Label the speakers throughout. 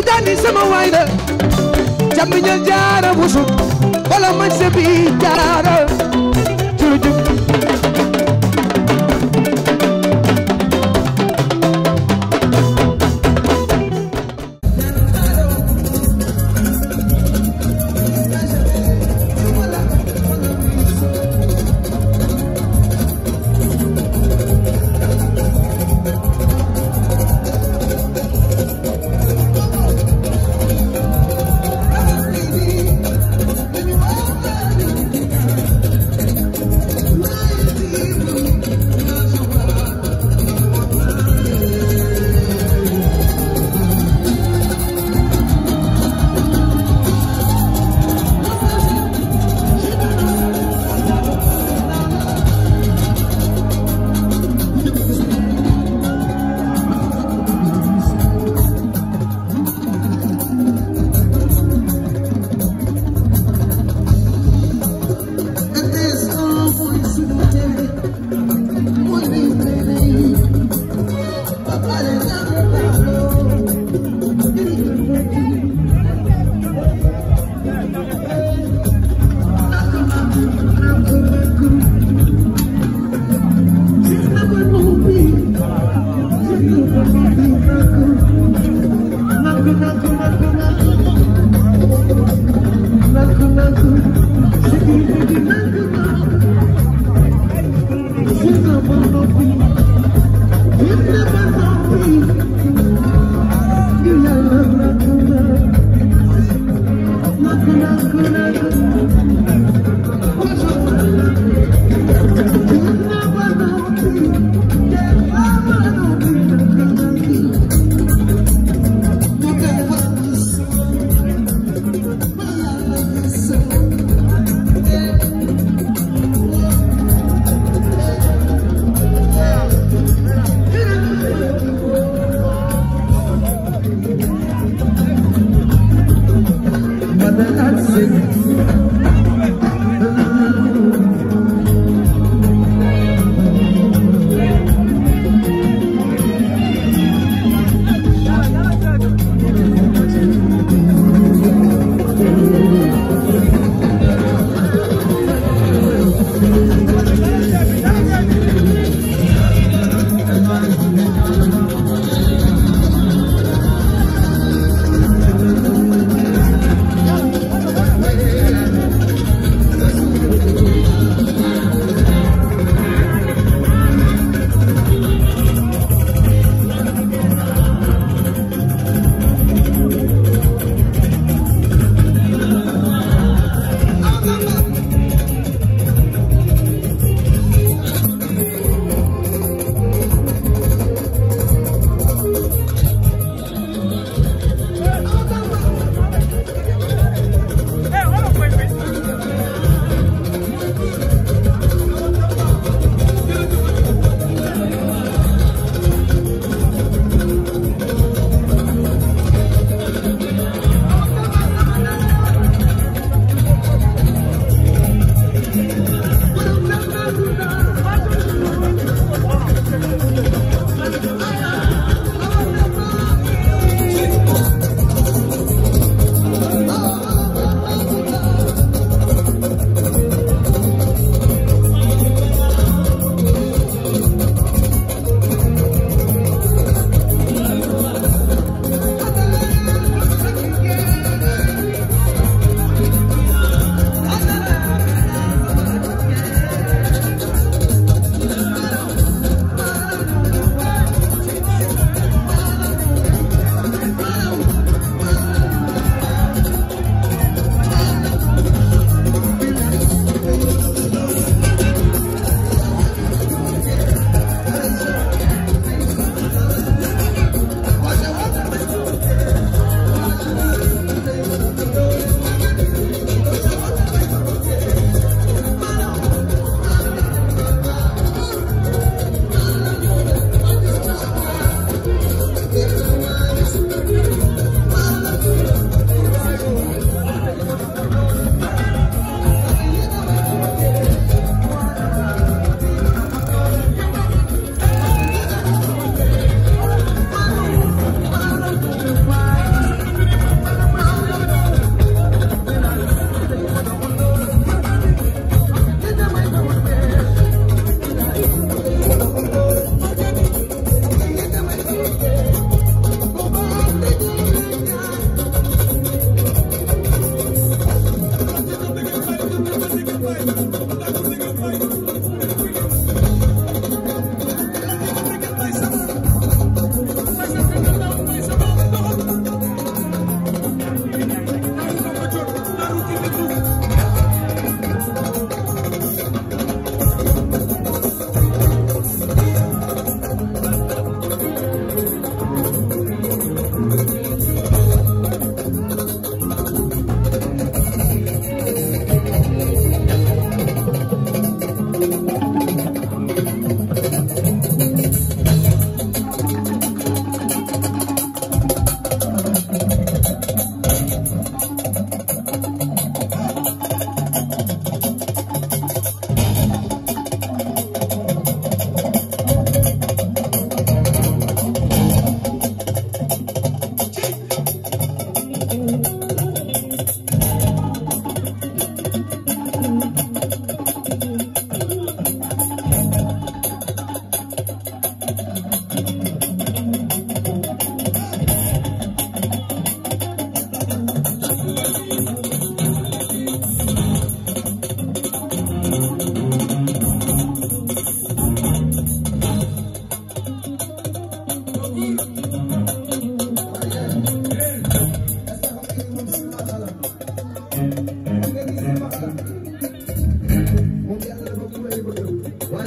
Speaker 1: tijaani sama waay la jàmm ñal jaara busuk wala man sebi jaara Thank you.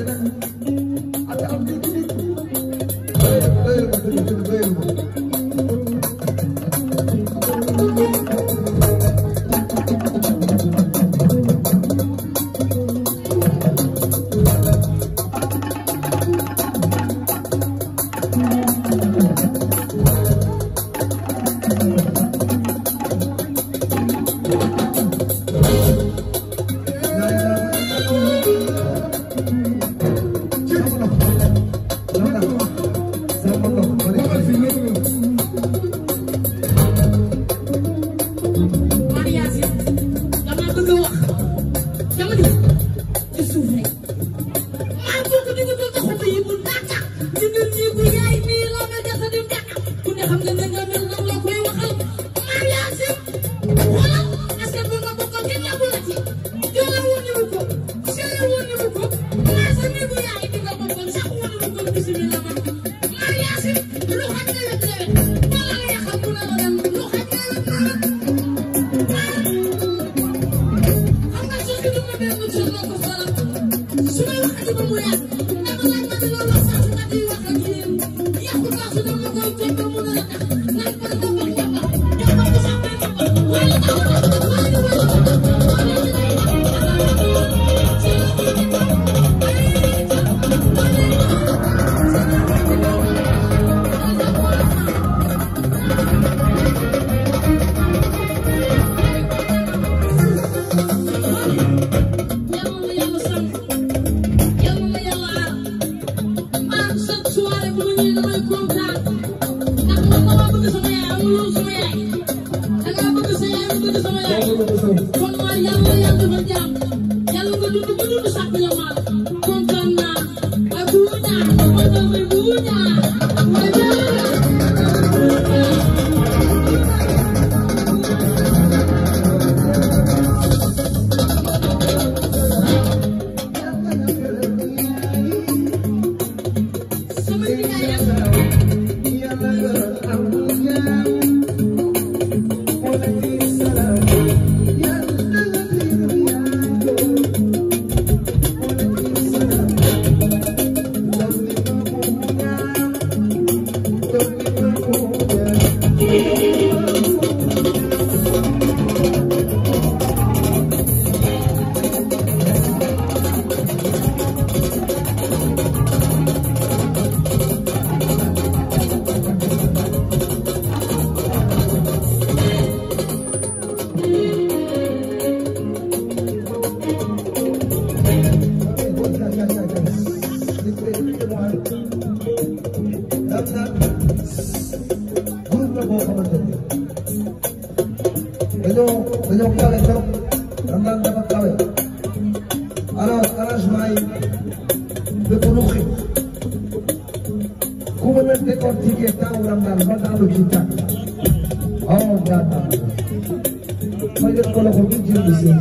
Speaker 1: Thank you. kon Maria yàlla defal jàmm ma jot ko loxo bi jël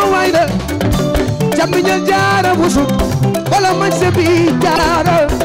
Speaker 1: sama wayna jam mi ñal jaara busuk wala man se bi jaara